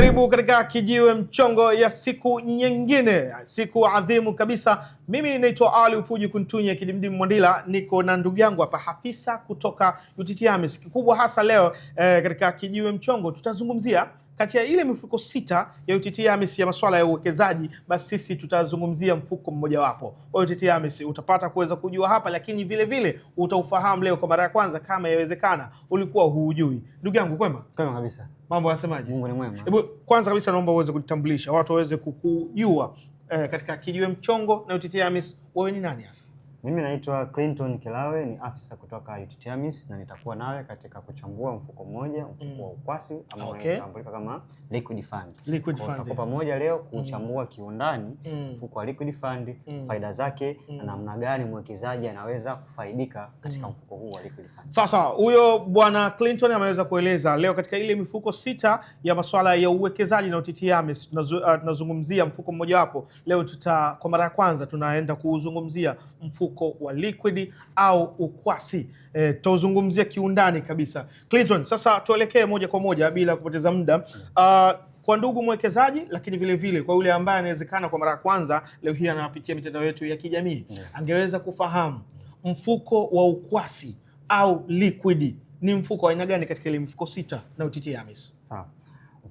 karibu katika Kijiwe Mchongo ya siku nyingine, siku adhimu kabisa. Mimi naitwa Ali Upuji Kuntunya Kidimdimu Mwandila, niko na ndugu yangu hapa Hafisa kutoka UTT AMIS. Kikubwa hasa leo eh, katika Kijiwe Mchongo tutazungumzia kati ya ile mifuko sita ya UTT AMIS ya masuala ya uwekezaji, basi sisi tutazungumzia mfuko mmojawapo wa UTT AMIS. Utapata kuweza kujua hapa, lakini vile vile utaufahamu leo kwa mara ya kwanza, kama yawezekana ulikuwa huujui. Ndugu yangu, kwema? Kwema kabisa. Mambo yanasemaje? Mungu ni mwema. Hebu kwanza kabisa naomba uweze kujitambulisha, watu waweze kukujua eh, katika kijiwe mchongo na UTT AMIS, wewe ni nani hasa? Mimi naitwa Clinton Kilawe, ni afisa kutoka UTTAMIS na nitakuwa nawe katika kuchambua mfuko mmoja, mfuko wa mm. ukwasi ambao okay. kama liquid fund. Liquid fund. Kwa pamoja leo mm. kuchambua mm. kiundani mfuko wa liquid fund, mm. faida zake mm. na namna gani mwekezaji anaweza kufaidika katika mm. mfuko huu wa liquid fund. Sasa huyo bwana Clinton ameweza kueleza leo katika ile mifuko sita ya masuala ya uwekezaji na UTTAMIS uh, tunazungumzia mfuko mmoja wapo Leo tuta kwa mara ya kwanza tunaenda kuuzungumzia mfuko mzunguko wa liquid au ukwasi. E, eh, tuzungumzia kiundani kabisa Clinton. Sasa tuelekee moja kwa moja bila kupoteza muda uh, kwa ndugu mwekezaji, lakini vile vile kwa yule ambaye anawezekana kwa mara ya kwanza leo hii anapitia mitandao yetu ya kijamii yeah, hmm. angeweza kufahamu mfuko wa ukwasi au liquid ni mfuko wa aina gani katika ile mfuko sita na UTT AMIS? Sawa.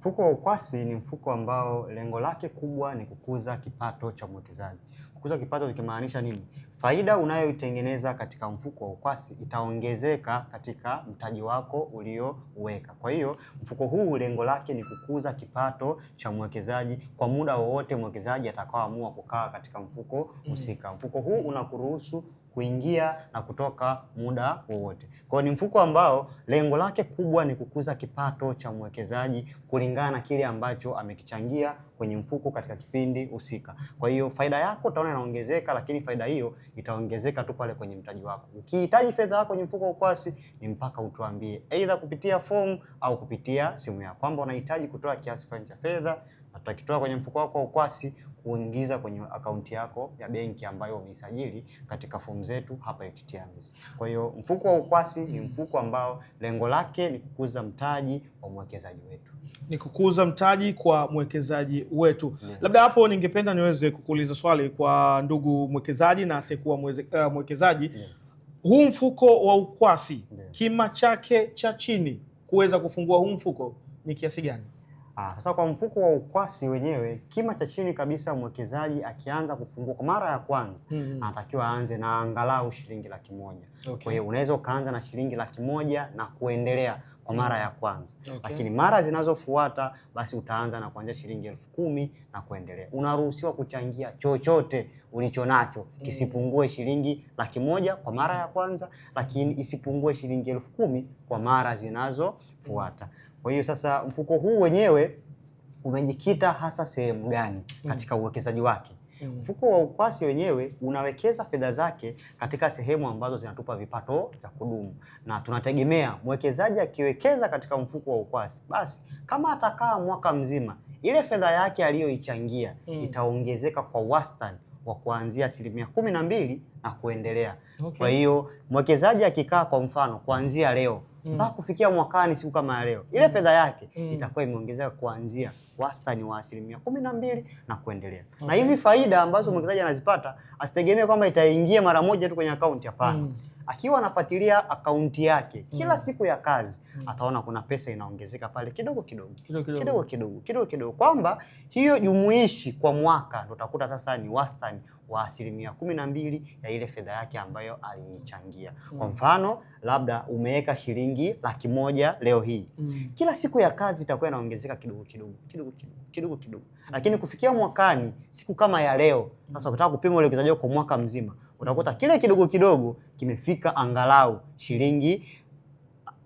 Mfuko wa ukwasi ni mfuko ambao lengo lake kubwa ni kukuza kipato cha mwekezaji. Kukuza kipato ikimaanisha nini? Faida unayoitengeneza katika mfuko wa ukwasi itaongezeka katika mtaji wako uliouweka. Kwa hiyo mfuko huu lengo lake ni kukuza kipato cha mwekezaji kwa muda wowote mwekezaji atakaoamua kukaa katika mfuko mm. husika. Mfuko huu unakuruhusu kuingia na kutoka muda wowote. Kwa hiyo ni mfuko ambao lengo lake kubwa ni kukuza kipato cha mwekezaji kulingana na kile ambacho amekichangia kwenye mfuko katika kipindi husika. Kwa hiyo faida yako utaona inaongezeka, lakini faida hiyo itaongezeka tu pale kwenye mtaji wako. Ukihitaji fedha yako kwenye mfuko wa ukwasi, ni mpaka utuambie, aidha kupitia fomu au kupitia simu yako kwamba unahitaji kutoa kiasi fulani cha fedha atakitoa kwenye mfuko wako wa ukwasi kuingiza kwenye akaunti yako ya benki ambayo umeisajili katika fomu zetu hapa UTTMS. Kwa hiyo mfuko wa ukwasi ni mfuko ambao lengo lake ni kukuza mtaji wa mwekezaji wetu, ni kukuza mtaji kwa mwekezaji wetu Yeah. Labda hapo ningependa niweze kukuuliza swali kwa ndugu mwekezaji na asiyekuwa uh, mwekezaji Yeah. Huu mfuko wa ukwasi yeah, kima chake cha chini kuweza kufungua huu mfuko ni kiasi gani? Ah, sasa kwa mfuko wa ukwasi wenyewe kima cha chini kabisa mwekezaji akianza kufungua kwa mara ya kwanza mm -hmm. anatakiwa aanze na angalau shilingi laki moja. Okay. Kwa hiyo unaweza ukaanza na shilingi laki moja na kuendelea kwa mara ya kwanza mm. okay. Lakini mara zinazofuata basi utaanza na kuanzia shilingi elfu kumi na kuendelea. Unaruhusiwa kuchangia chochote ulicho nacho kisipungue mm. shilingi laki moja kwa mara ya kwanza, lakini isipungue shilingi elfu kumi kwa mara zinazofuata. Mm. Kwa hiyo sasa mfuko huu wenyewe umejikita hasa sehemu gani katika uwekezaji wake? Mm. Mfuko wa ukwasi wenyewe unawekeza fedha zake katika sehemu ambazo zinatupa vipato vya kudumu, na tunategemea mwekezaji akiwekeza katika mfuko wa ukwasi, basi kama atakaa mwaka mzima, ile fedha yake aliyoichangia mm. itaongezeka kwa wastani wa kuanzia asilimia kumi na mbili na kuendelea okay. Kwa hiyo mwekezaji akikaa kwa mfano kuanzia leo Mm. mpaka mm. kufikia mwakani siku kama ya leo ile mm. fedha yake mm. itakuwa imeongezeka kuanzia wastani wa asilimia kumi na mbili na kuendelea. Okay. Na hizi faida ambazo mwekezaji anazipata asitegemee kwamba itaingia mara moja tu kwenye akaunti, hapana. mm. Akiwa anafuatilia akaunti yake kila mm. siku ya kazi Hmm. ataona kuna pesa inaongezeka pale kidogo kidogo kidogo kidogo kidogo kidogo, kidogo, kidogo. kwamba hiyo jumuishi kwa mwaka ndo utakuta sasa ni wastani wa asilimia kumi na mbili ya ile fedha yake ambayo aliichangia. Hmm. Kwa mfano labda umeweka shilingi laki moja leo hii mm. Kila siku ya kazi itakuwa inaongezeka kidogo kidogo kidogo kidogo kidogo, hmm. lakini kufikia mwakani, siku kama ya leo sasa, ukitaka kupima uwekezaji wako kwa mwaka mzima, utakuta kile kidogo kidogo kimefika angalau shilingi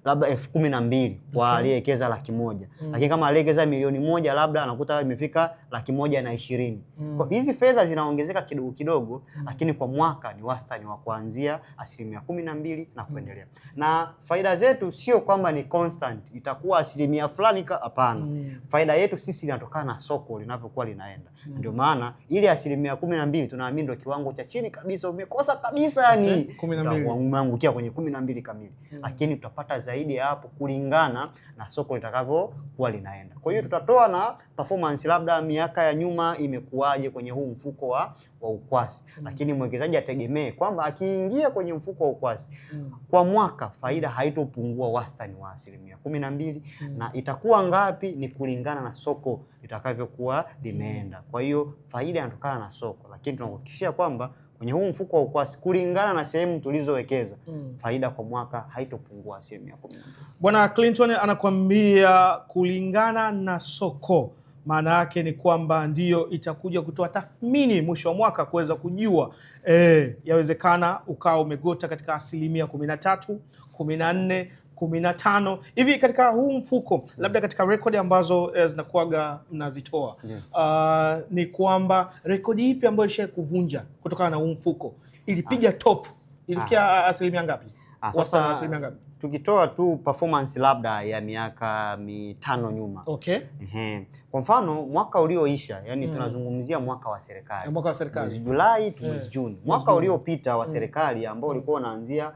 labda elfu kumi na mbili kwa okay, aliyewekeza laki moja mm. Lakini kama aliyewekeza milioni moja labda anakuta imefika laki moja na ishirini mm. Kwa hizi fedha zinaongezeka kidogo kidogo mm. Lakini kwa mwaka ni wastani wa kuanzia asilimia kumi na mbili na mm. kuendelea mm. Na faida zetu sio kwamba ni constant itakuwa asilimia fulani, hapana mm. Faida yetu sisi inatokana na soko linavyokuwa linaenda mm. Ndio maana ile asilimia kumi na mbili tunaamini ndio kiwango cha chini kabisa, umekosa kabisa yani eh, umeangukia kwenye kumi na mbili kamili mm. Lakini tutapata zaidi zaidi ya hapo kulingana na soko litakavyokuwa linaenda. Kwa hiyo tutatoa na performance labda miaka ya nyuma imekuwaje kwenye huu mfuko wa, wa ukwasi mm Lakini mwekezaji ategemee kwamba akiingia kwenye mfuko wa ukwasi mm kwa mwaka faida haitopungua wastani wa asilimia kumi na mbili mm na itakuwa ngapi ni kulingana na soko litakavyokuwa limeenda. Kwa hiyo faida inatokana na soko, lakini tunakuhakikishia kwamba kwenye huu mfuko wa ukwasi kulingana na sehemu tulizowekeza mm. faida kwa mwaka haitopungua asilimia kumi. Bwana Clinton anakuambia kulingana na soko, maana yake ni kwamba ndiyo itakuja kutoa tathmini mwisho wa mwaka kuweza kujua e, yawezekana ukawa umegota katika asilimia kumi na tatu kumi na nne kumi na tano hivi katika huu mfuko, mm. labda katika rekodi ambazo eh, zinakuwaga mnazitoa yeah. Mm. Uh, ni kwamba rekodi ipi ambayo ishai kuvunja kutokana na huu mfuko ilipiga ah. top, ilifikia ah. asilimia ngapi? Ah, sasa asilimia ngapi? Tukitoa tu performance labda ya miaka mitano nyuma. Okay. Ehe. Kwa mfano mwaka ulioisha, yani mm. tunazungumzia mwaka wa serikali. Mwaka wa serikali. Mwezi Julai mwezi eh. Juni. Mwaka uliopita wa mm. serikali ambao ulikuwa unaanzia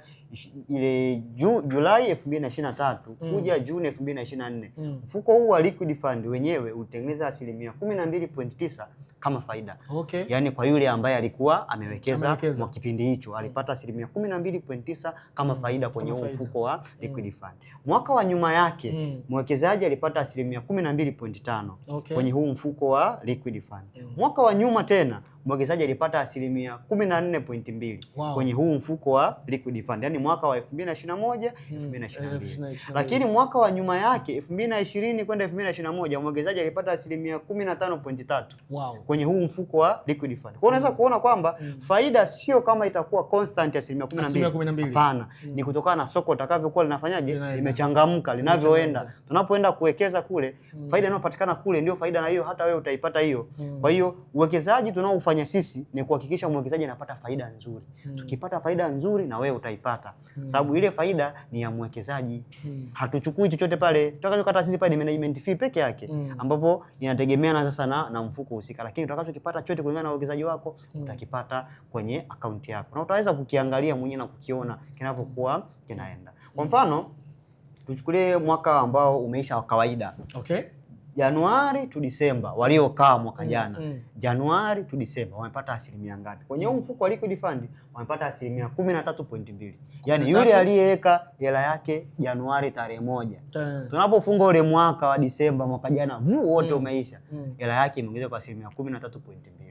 ile ju, Julai 2023 mm. kuja Juni 2024 mm. mfuko huu wa liquid fund wenyewe utengeneza asilimia 12.9 kama faida okay. Yaani kwa yule ambaye alikuwa amewekeza kwa kipindi hicho alipata asilimia 12.9 kama mm. faida kwenye huu mfuko wa mm. liquid mm. fund. Mwaka wa nyuma yake mm. mwekezaji alipata asilimia 12.5 okay. kwenye huu mfuko wa liquid fund mm. mwaka wa nyuma tena mwekezaji alipata asilimia kumi na nne pointi mbili wow. kwenye huu mfuko wa liquid fund, yani mwaka wa 2021 2022, hmm. lakini mwaka wa nyuma yake 2020 kwenda 2021 mwekezaji alipata asilimia 15.3 wow. kwenye huu mfuko wa liquid fund. Kwa hiyo unaweza mm. kuona kwamba mm. faida sio kama itakuwa constant asilimia 12, hapana mm. ni kutokana na soko litakavyokuwa linafanyaje, limechangamka, linavyoenda, tunapoenda kuwekeza kule mm. faida inayopatikana kule ndio faida na hiyo hata wewe utaipata hiyo mm. kwa hiyo uwekezaji tunaofanya tunachofanya sisi ni kuhakikisha mwekezaji anapata faida nzuri hmm. Tukipata faida nzuri na wewe utaipata hmm. Sababu ile faida ni ya mwekezaji hmm. Hatuchukui chochote pale, tutakachokata sisi pale ni management fee peke yake hmm. Ambapo inategemea na sasa na, na mfuko husika, lakini utakachokipata chote kulingana na uwekezaji wako hmm. Utakipata kwenye akaunti yako na utaweza kukiangalia mwenyewe na kukiona kinavyokuwa kinaenda. Kwa hmm. mfano tuchukulie mwaka ambao umeisha wa kawaida okay. Januari tu Disemba waliokaa mwaka mm, jana mm, mm. Januari tu Disemba wamepata asilimia ngapi kwenye huu mfuko wa liquid fund? Wamepata asilimia kumi na tatu pointi mbili. Yaani yule aliyeweka hela yake Januari tarehe moja, tunapofunga ule mwaka wa Disemba mwaka jana, vuu wote mm. umeisha, mm. hela mm. yake imeongezeka kwa asilimia kumi na tatu pointi mbili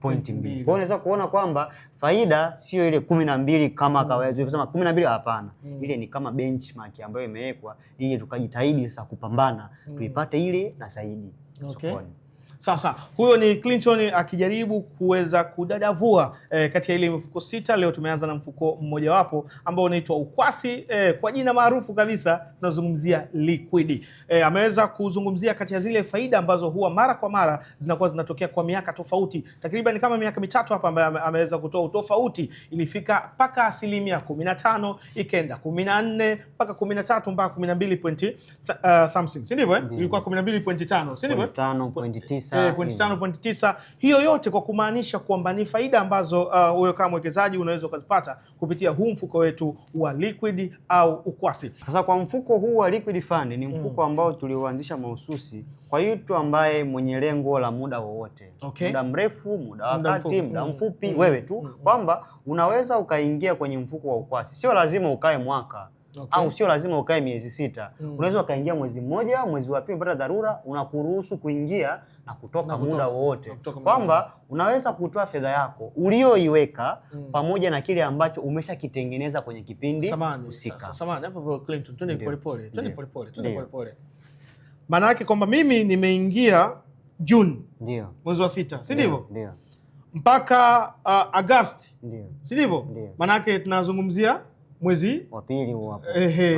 pointi mbili. Kwa unaweza kuona kwamba faida sio ile kumi na mbili kama mm. kawaida tulivyosema kumi na mbili hapana mm. ile ni kama benchmark ambayo imewekwa ili tukajitahidi sasa kupambana mm. tuipate ile na zaidi okay. sokoni. Sasa huyo ni Clinton akijaribu kuweza kudadavua e, kati ya ile mifuko sita. Leo tumeanza na mfuko mmojawapo ambao unaitwa ukwasi e, kwa jina maarufu kabisa tunazungumzia liquid e, ameweza kuzungumzia kati ya zile faida ambazo huwa mara kwa mara zinakuwa zinatokea kwa miaka tofauti, takriban kama miaka mitatu hapa, ambayo ameweza kutoa utofauti, ilifika mpaka asilimia 15 na tano ikaenda kumi mpaka 13 mpaka kumi na mbili pointi uh, si ndivyo? Ilikuwa 12.5, si ndivyo? 9. Eh, Hiyo yote kwa kumaanisha kwamba ni faida ambazo uh, wewe uh, kama mwekezaji unaweza ukazipata kupitia huu mfuko wetu wa liquid au ukwasi. Sasa kwa mfuko huu wa liquid fund ni mfuko mm. ambao tulioanzisha mahususi kwa mtu ambaye mwenye lengo la muda wowote, okay. muda mrefu, muda wa kati, muda mm. mfupi, mm. wewe tu mm. mm. kwamba unaweza ukaingia kwenye mfuko wa ukwasi, sio lazima ukae mwaka Okay. Au sio lazima ukae miezi sita. Mm. Unaweza ukaingia mwezi mmoja, mwezi wa pili, pata dharura unakuruhusu kuingia na kutoka na muda wowote, kwamba unaweza kutoa fedha yako ulioiweka mm. pamoja na kile ambacho umeshakitengeneza kwenye kipindi husika. Maana yake kwamba mimi nimeingia Juni mwezi wa sita, si ndivyo? mpaka uh, Agosti, si ndivyo? Maana yake tunazungumzia mwezi wa pili hapo,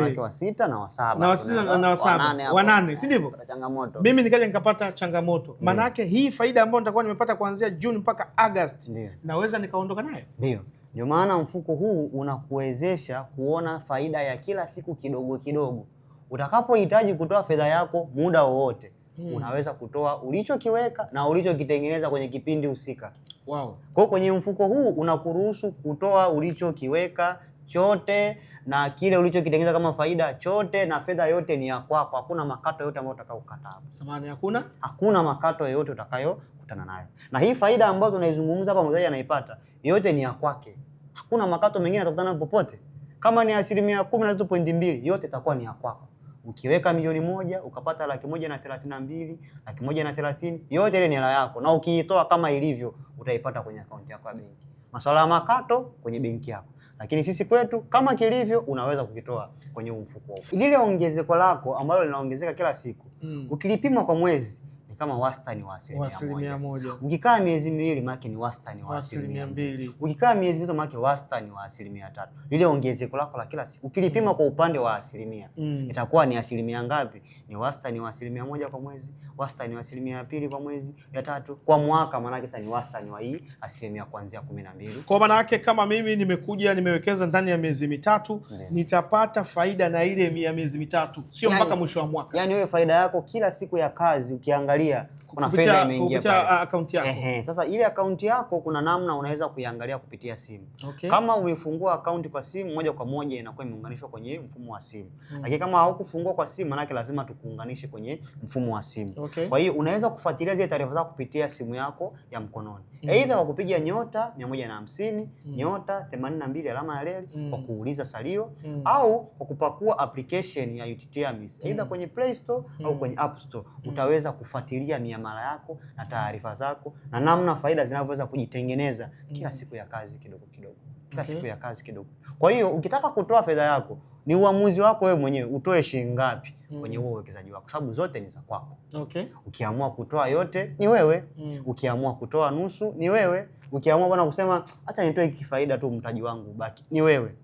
wake wa sita na wa saba na wa sita na wa saba wa nane, si ndivyo? Changamoto mimi nikaja nikapata changamoto, maana yake hii faida ambayo nitakuwa nimepata kuanzia Juni mpaka Agosti naweza nikaondoka nayo, ndio ndio maana mfuko huu unakuwezesha kuona faida ya kila siku kidogo kidogo. Utakapohitaji kutoa fedha yako muda wowote, hmm, unaweza kutoa ulichokiweka na ulichokitengeneza kwenye kipindi husika. Wow. Kwa kwenye mfuko huu unakuruhusu kutoa ulichokiweka chote na kile ulichokitengeneza kama faida chote, na fedha yote ni ya kwako. Hakuna makato yote ambayo hapo. Samahani, hakuna hakuna makato yote utakayokutana nayo, na hii faida ambayo tunaizungumza hapa, mzaji anaipata yote ni ya kwake. Hakuna makato mengine atakutana popote. Kama ni asilimia kumi na tatu yote itakuwa ni ya kwako. Ukiweka milioni moja ukapata laki moja na thelathini na mbili laki moja na thelathini yote ile ni hela yako, na ukiitoa kama ilivyo utaipata kwenye akaunti yako ya benki masuala ya makato kwenye benki yako, lakini sisi kwetu kama kilivyo, unaweza kukitoa kwenye mfuko wako. Lile ongezeko lako ambalo linaongezeka kila siku mm. ukilipima kwa mwezi kama wastani wa asilimia moja. Ukikaa miezi miwili maake ni wastani wa asilimia mbili. Ukikaa miezi mitatu maake wastani wa asilimia tatu. Lile ongezeko lako la kila siku ukilipima kwa upande wa asilimia mm. itakuwa ni asilimia ngapi? Ni wastani wa asilimia moja kwa mwezi, wastani wa asilimia pili kwa mwezi, ya tatu kwa mwaka. Maanake sasa ni wastani wa hii asilimia kuanzia kumi na mbili. Kwa maana yake kama mimi nimekuja nimewekeza ndani ya miezi mitatu yeah. nitapata faida na ile ya miezi mitatu, sio mpaka yani, mwisho wa mwaka. Yani wewe faida yako kila siku ya kazi ukiangalia kuingia kuna fedha imeingia pale uh, akaunti yako. Ehe, sasa ile akaunti yako kuna namna unaweza kuiangalia kupitia simu. Okay. Kama umefungua akaunti kwa simu moja kwa moja inakuwa imeunganishwa kwenye mfumo wa simu. hmm. Lakini kama haukufungua kwa simu manake lazima tukuunganishe kwenye mfumo wa simu. Okay. Kwa hiyo unaweza kufuatilia zile taarifa zako kupitia simu yako ya mkononi. hmm. Aidha kwa kupiga nyota 150, hmm. nyota 82 alama ya reli hmm. kwa kuuliza salio hmm. au kwa kupakua application ya UTT AMIS. Aidha hmm. kwenye Play Store hmm. au kwenye App Store hmm. utaweza kufuatilia kufuatilia miamala yako na taarifa zako na namna faida zinavyoweza kujitengeneza kila mm. siku ya kazi kidogo kidogo, kila okay, siku ya kazi kidogo. Kwa hiyo ukitaka kutoa fedha yako ni uamuzi wako wewe mwenyewe utoe shilingi ngapi mm. kwenye huo uwekezaji wako, sababu zote ni za kwako. Okay. Ukiamua kutoa yote ni wewe mm. Ukiamua kutoa nusu ni wewe. Ukiamua bwana kusema acha nitoe kifaida tu mtaji wangu baki ni wewe.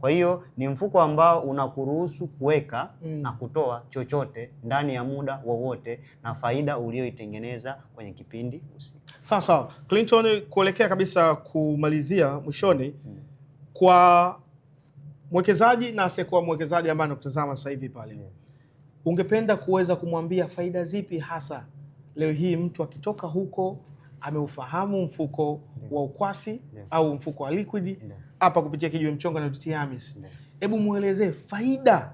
Kwa hiyo ni mfuko ambao unakuruhusu kuweka mm. na kutoa chochote ndani ya muda wowote na faida uliyoitengeneza kwenye kipindi husika. Sawa sawa. Clinton, kuelekea kabisa kumalizia mwishoni mm. kwa mwekezaji na asiyekuwa mwekezaji ambaye anakutazama sasa hivi pale mm. ungependa kuweza kumwambia faida zipi hasa leo hii mtu akitoka huko ameufahamu mfuko yeah. Mm. wa ukwasi yeah. Mm. au mfuko wa liquid yeah. Mm hapa kupitia Kijiwe Mchongo na UTT AMIS, hebu muelezee faida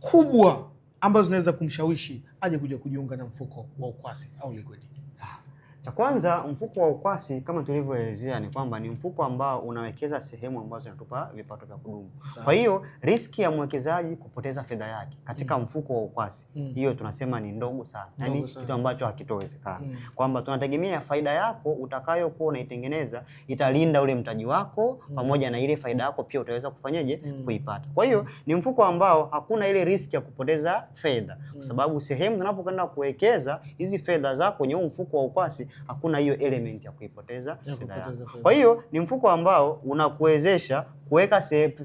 kubwa ambazo zinaweza kumshawishi aje kuja kujiunga na mfuko wa ukwasi au liquid. Cha kwanza, mfuko wa ukwasi kama tulivyoelezea ni kwamba ni mfuko ambao unawekeza sehemu ambazo zinatupa vipato vya kudumu. Kwa hiyo riski ya mwekezaji kupoteza fedha yake katika mm. mfuko wa ukwasi mm. hiyo tunasema ni ndogo sana, yaani kitu ambacho hakitowezekana mm. kwamba tunategemea faida yako utakayokuwa unaitengeneza italinda ule mtaji wako mm. pamoja na ile faida yako pia utaweza kufanyaje mm. kuipata. Kwa hiyo ni mfuko ambao hakuna ile riski ya kupoteza fedha, kwa mm. sababu sehemu tunapokwenda kuwekeza hizi fedha zako kwenye mfuko wa ukwasi hakuna hiyo element ya kuipoteza fedha yako. Kwa hiyo ni mfuko ambao unakuwezesha kuweka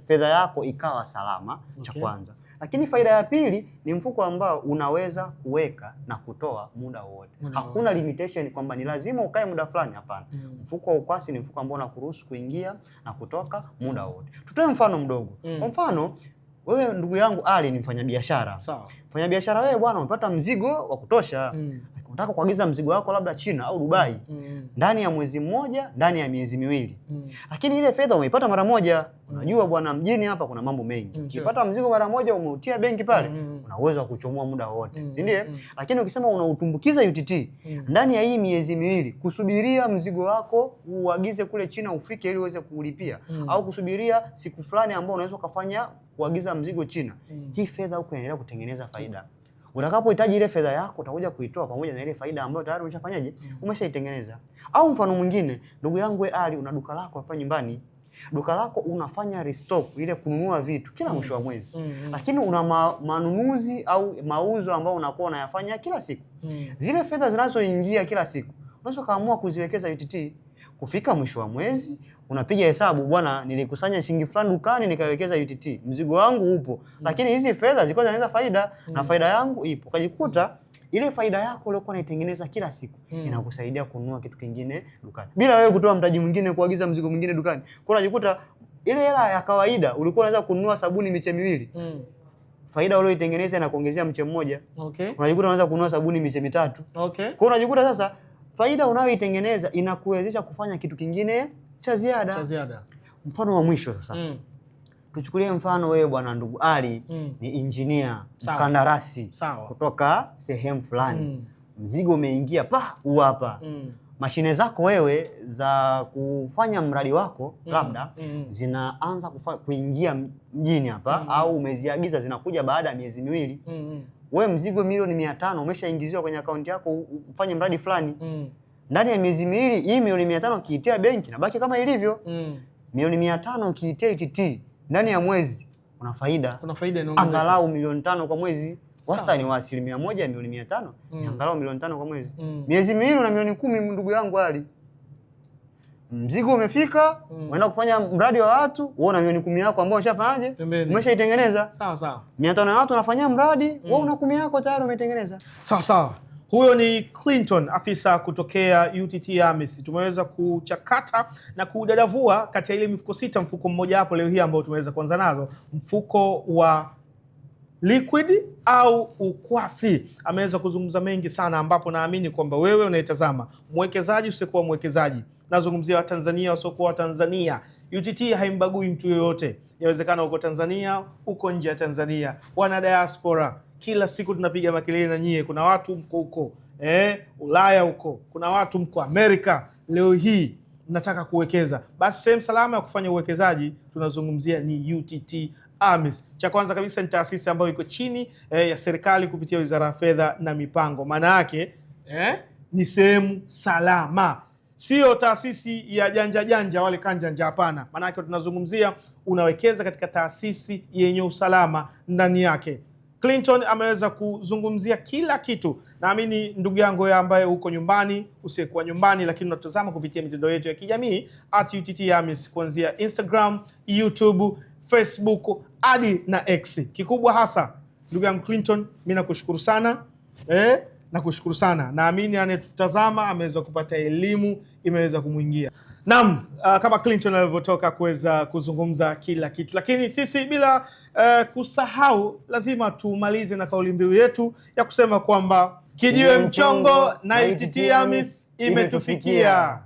fedha yako ikawa salama, okay. cha kwanza lakini faida ya pili ni mfuko ambao unaweza kuweka na kutoa muda wowote. Hakuna limitation kwamba ni lazima ukae muda fulani, hapana. mm. Mfuko wa ukwasi ni mfuko ambao unakuruhusu kuingia na kutoka muda wowote. Tutoe mfano mdogo. mm. Kwa mfano wewe ndugu yangu Ali ni mfanyabiashara. Sawa. Mfanyabiashara wewe bwana, umepata mzigo wa kutosha mm unataka kuagiza mzigo wako labda China au Dubai mm. mm. ndani ya mwezi mmoja, ndani ya miezi miwili mm. lakini ile fedha umeipata mara moja. mm. Unajua bwana, mjini hapa kuna mambo mengi mm. ukipata mzigo mara moja, umeutia benki pale mm. una uwezo wa kuchomoa muda wote mm. si ndiye? mm. lakini ukisema unautumbukiza UTT mm. ndani ya hii miezi miwili, kusubiria mzigo wako uagize kule China ufike ili uweze kulipia mm. au kusubiria siku fulani ambayo unaweza ukafanya kuagiza mzigo China mm. hii fedha huko inaendelea kutengeneza faida mm. Utakapohitaji ile fedha yako utakuja kuitoa pamoja na ile faida ambayo tayari umeshafanyaje? Mm. Umeshaitengeneza. Au mfano mwingine, ndugu yangu Ali, una duka lako hapa nyumbani. Duka lako unafanya restock ile kununua vitu kila mm. mwisho wa mwezi. Mm, mm. Lakini una ma manunuzi au mauzo ambayo unakuwa unayafanya kila siku. Mm. Zile fedha zinazoingia kila siku unaweza kaamua kuziwekeza UTT Kufika mwisho wa mwezi unapiga hesabu, bwana, nilikusanya shilingi fulani dukani nikawekeza UTT, mzigo wangu upo mm. lakini hizi fedha zilikuwa zinaweza faida mm. na faida yangu ipo, ukajikuta ile faida yako uliokuwa unaitengeneza kila siku mm. inakusaidia kununua kitu kingine dukani bila wewe kutoa mtaji mwingine, kuagiza mzigo mwingine dukani. Kwa unajikuta ile hela ya kawaida ulikuwa unaweza kununua sabuni miche miwili mm faida ulioitengeneza inakuongezea mche mmoja. Okay. Unajikuta unaweza kununua sabuni miche mitatu. Okay. Kwa hiyo unajikuta sasa faida unayoitengeneza inakuwezesha kufanya kitu kingine cha ziada cha ziada. Mfano wa mwisho sasa, mm. tuchukulie mfano wewe bwana ndugu Ali mm. ni injinia mkandarasi kutoka sehemu fulani mm. mzigo umeingia pa uapa mm. mashine zako wewe za kufanya mradi wako mm. labda mm. zinaanza kuingia mjini hapa mm. au umeziagiza zinakuja baada ya miezi miwili mm wewe mzigo milioni mia tano umeshaingiziwa kwenye akaunti yako ufanye mradi fulani mm. ndani ya miezi miwili hii milioni mia tano ukiitia benki nabaki kama ilivyo mm. milioni mia tano ukiitia ndani ya mwezi una faida, faida angalau milioni tano kwa mwezi wastani wa asilimia moja milioni mia tano mm. ni angalau milioni tano kwa mwezi mm. miezi miwili na milioni kumi ndugu yangu Ali mzigo umefika, mm. unaenda mm. kufanya mradi wa watu, wewe una milioni kumi yako ambayo umeshafanyaje, umeshaitengeneza. Sawa sawa, mia tano ya watu unafanyia mradi mm. wewe una kumi yako tayari umeitengeneza. Sawa sawa. Huyo ni Clinton, afisa kutokea UTT AMIS. Tumeweza kuchakata na kudadavua kati ya ile mifuko sita, mfuko mmoja hapo leo hii ambao tumeweza kuanza nazo, mfuko wa liquid au ukwasi. Ameweza kuzungumza mengi sana, ambapo naamini kwamba wewe unaitazama, mwekezaji usikuwa mwekezaji nazungumzia Watanzania wasiokuwa Watanzania. UTT haimbagui mtu yoyote, inawezekana uko Tanzania, uko nje ya Tanzania, wana diaspora kila siku tunapiga makelele na nyie. Kuna watu mko huko eh, Ulaya huko, kuna watu mko Amerika. Leo hii nataka kuwekeza, basi sehemu salama ya kufanya uwekezaji tunazungumzia ni UTT AMIS. Cha kwanza kabisa ni taasisi ambayo iko chini eh, ya serikali kupitia Wizara ya Fedha na Mipango. Maana yake eh, ni sehemu salama sio taasisi ya janja janja wale kanjanja, hapana. Maanake tunazungumzia unawekeza katika taasisi yenye usalama ndani yake. Clinton ameweza kuzungumzia kila kitu. Naamini ndugu yangu ya ambaye uko nyumbani, usiyekuwa nyumbani, lakini unatazama kupitia mitandao yetu ya kijamii at UTT AMIS, kuanzia Instagram, YouTube, Facebook hadi na X. Kikubwa hasa ndugu yangu Clinton, mi nakushukuru sana eh? Nakushukuru sana, naamini anayetutazama ameweza kupata elimu, imeweza kumwingia. Naam, uh, kama Clinton alivyotoka kuweza kuzungumza kila kitu, lakini sisi bila uh, kusahau lazima tumalize na kauli mbiu yetu ya kusema kwamba kijiwe mchongo na AMIS imetufikia.